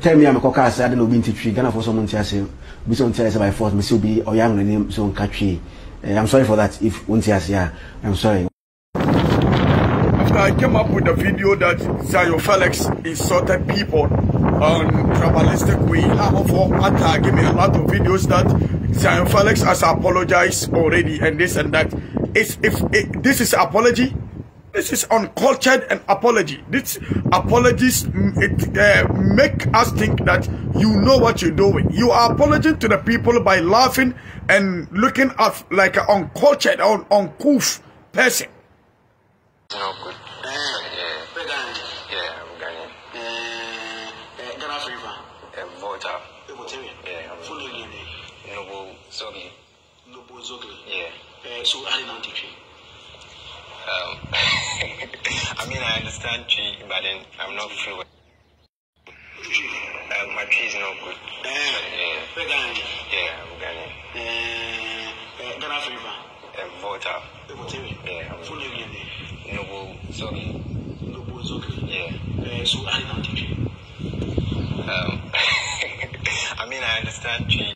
tell me I'm a caucus, I don't know, been to tree, Ghana for someone to say, be some tell us by force, Miss Ubi or young name, so catchy. Eh, I'm sorry for that. If once yes, yeah, I'm sorry. After I came up with the video that Zayo Felix insulted people on tribalistic way, however, after I gave me a lot of videos that Zayo Felix has apologized already and this and that. It's, if it, this is apology, this is uncultured and apology. These apologies it, uh, make us think that you know what you're doing. You are apologizing to the people by laughing and looking at like an uncultured, un uncouth person. Eh, eh, yeah. Uh, so I didn't teach you. Um, I mean, I understand G, but then I'm not fluent. Uh, my tree is not good. Uh, yeah. Ugandan. Yeah, Ugandan. Uh, eh, Uh. Ghana favor. Um, uh, eh, voter. Voter. Yeah. Full name again. Noble Zoki. Noble Zoki. Yeah. Uh, so I don't teach you. Um, I mean, I understand G,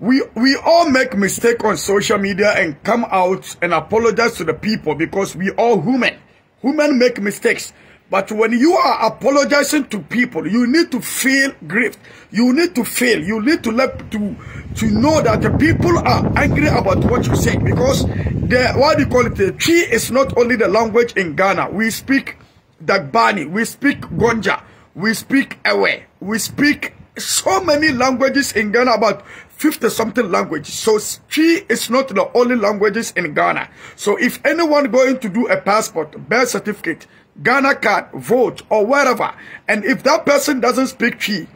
we we all make mistake on social media and come out and apologize to the people because we all human human make mistakes but when you are apologizing to people you need to feel grief you need to feel you need to let to to know that the people are angry about what you say because the what do you call it the tree is not only the language in ghana we speak dagbani we speak gonja we speak away we speak so many languages in Ghana, about 50 something languages. So she is not the only languages in Ghana. So if anyone going to do a passport, birth certificate, Ghana card, vote, or whatever, and if that person doesn't speak Chi,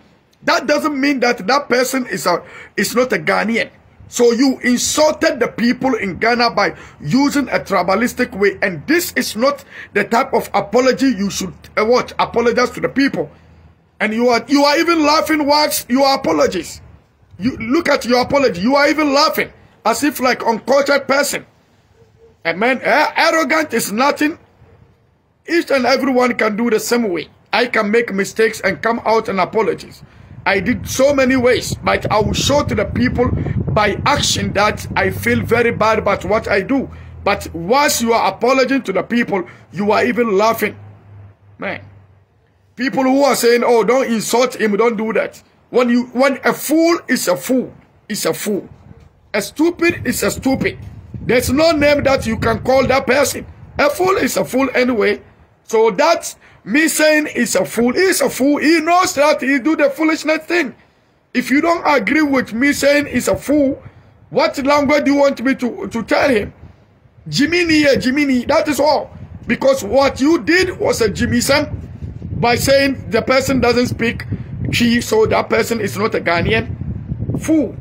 that doesn't mean that that person is, a, is not a Ghanaian. So you insulted the people in Ghana by using a tribalistic way. And this is not the type of apology you should, uh, apologize to the people. And you are you are even laughing whilst your apologies. You look at your apology. You are even laughing as if like uncultured person. Amen. man, arrogant is nothing. Each and everyone can do the same way. I can make mistakes and come out and apologies. I did so many ways, but I will show to the people by action that I feel very bad about what I do. But once you are apologizing to the people, you are even laughing. Man. People who are saying, oh, don't insult him, don't do that. When you when a fool is a fool, is a fool. A stupid is a stupid. There's no name that you can call that person. A fool is a fool anyway. So that me saying is a fool. He's a fool. He knows that he do the foolishness thing. If you don't agree with me saying is a fool, what language do you want me to, to tell him? Jiminy, Jiminy, that is all. Because what you did was a Jimmy Sam by saying the person doesn't speak Chi, so that person is not a Ghanaian? Fool.